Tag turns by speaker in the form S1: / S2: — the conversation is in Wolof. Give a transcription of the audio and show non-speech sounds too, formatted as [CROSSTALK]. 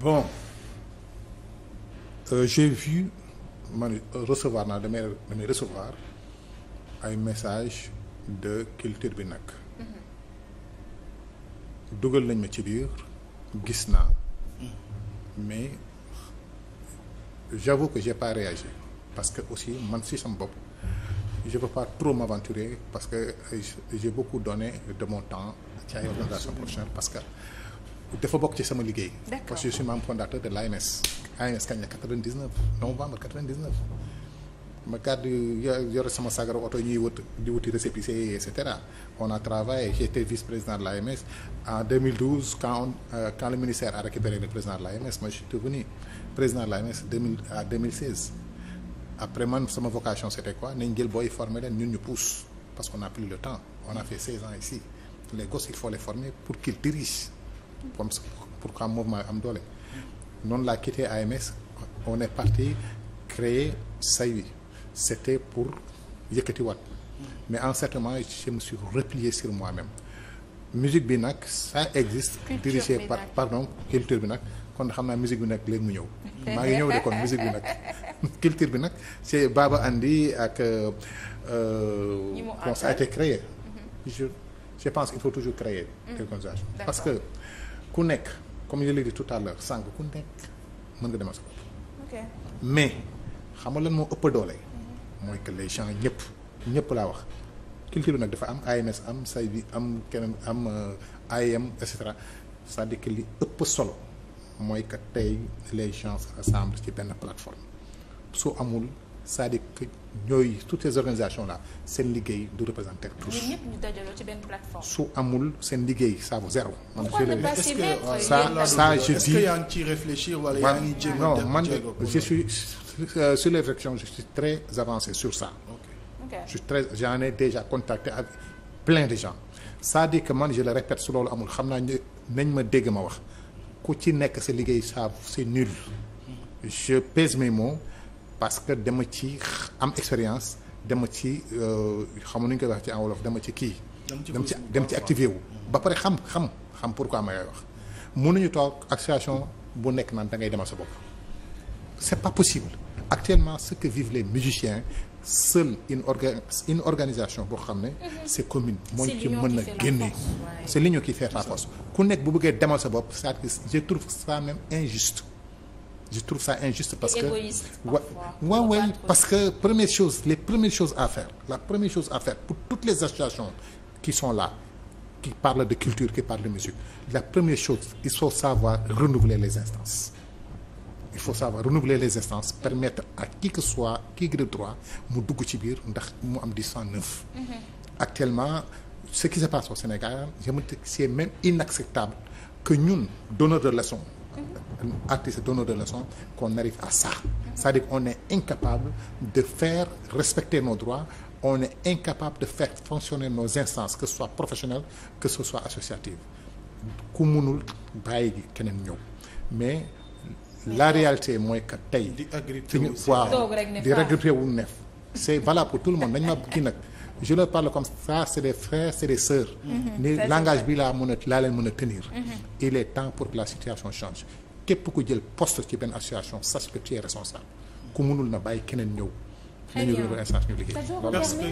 S1: bon euh, j'ai vu man recevoir naa damay damay recevoir ay message de culture bi nag mm-hmm. dugal nañ ma ci biir gis naa mm-hmm. mais j'avoue que j'ai pas réagi parce que aussi man si sama bopp je peux pas trop m'aventurer parce que j'ai beaucoup donné de mon temps ci ay mm-hmm. organisation prochaine parce que dafa bokk ci sama liggéey. parce que je suis membre fondateur de l'ANS. ANS kañ la 99 novembre 99 ma gàddu yore sama sagaru oto ñuy wut di wuti récépissé et cetera on a travaillé j'étais vice-président de l'AMS en 2012 quand on, euh, quand le ministère a récupéré le président de l'AMS moi je suis devenu président de l'AMS 2000 après man sama vocation c'était quoi nañ jël booy former leen ñun ñu pousse parce qu'on n'a plus le temps on a fait 16 ans ici les gosses il faut comme pour que mouvement am doole noonu la quitté AMS on est parti créer SAIU c'était pour yëkkatiwaat mais en certain moment je me sur moi-même musique bi nag ça existe dirigé par pardon culture bi nag kon xam naa musique bi nag léegi mu ñëw [LAUGHS] maa ngi ñëw de kon musique bi nag [LAUGHS] culture bi nag c'est Baba indi ak bon euh, euh, ça a été créé mhm. je pense qu'il faut toujours créer mhm. parce que ku nekk comme je l'ai dit tout à l'heure sànq ku nekk mën nga demal sa bopp. mais xam nga lan moo ëpp doole. mooy que les gens ñëpp ñëpp laa wax. culture nag dafa am AMS am say bi am keneen am euh, AIM et cetera cest à li ëpp solo mooy que tey les gens rassemblent ci benn plateforme su amul. c'est-à-dire que ñooy toutes ces organisations là seen liggéey du représenter tous. su amul seen liggéey ça vaut zéro. man que ça ça je dis est-ce que man je suis sur les réflexions je suis très avancé sur ça. ok je suis ai déjà contacté avec plein de gens. c'est-à-dire que man je le répète su loolu amul xam naa ñu nañ ma dégg ma wax ku ci nekk sa liggéey ça c'est nul. je pèse mes mots. parce que dama ci am expérience dama ci euh, xam nu ñu koy wax ci en wolof dama ci kii. dem ci dem ci activé wu. Mm-hmm. ba pare xam xam xam pour pourquoi ma koy wax. ñu toog association bu nekk naan da ngay demal sa bopp. c'est pas possible actuellement ce que vivent les musiciens seule une orga une organisation boo xam ne. Mm-hmm. c'est commune. mooy ci mën na génne. c'est l'union qui fait la force ku nekk bu bëggee demal sa bopp c'est-à-dire je trouve ça même injuste. je trouve ça injuste parce que waaw ouais, que première chose les premières choses à faire la première chose à faire pour toutes les associations qui sont là qui parlent de culture qui parlent de musique la première chose il faut savoir renouveler les instances il faut savoir renouveler les instances permettre à qui que soit qui de droit mu dugg ci biir ndax mu am di cent neuf mhm. actuellement ce qui se passe au Sénégal je me dis c'est même inacceptable que ñun donneur de leçons artiste donneur de leçons qu'on arrive à ça c'est-à-dire qu'on est incapable de faire respecter nos droits on est incapable de faire fonctionner nos instances que ce soit professionnelle que ce soit associative ku munul bàyyi gi keneen ñëw mais la réalité mooy que tey suñu waaw di regretté wu neef c'est valable pour tout le monde nañ ma kii nag je leur parle comme ça c'est des frères c'est des sœurs mm-hmm. ni langage bi la mën a laa leen mën a tenir mm-hmm. il est temps pour que la situation change képp ku jël poste ci benn association sache que tu es responsable ku mënul na bàyyi keneen ñëw nañu révérence ñu liggéey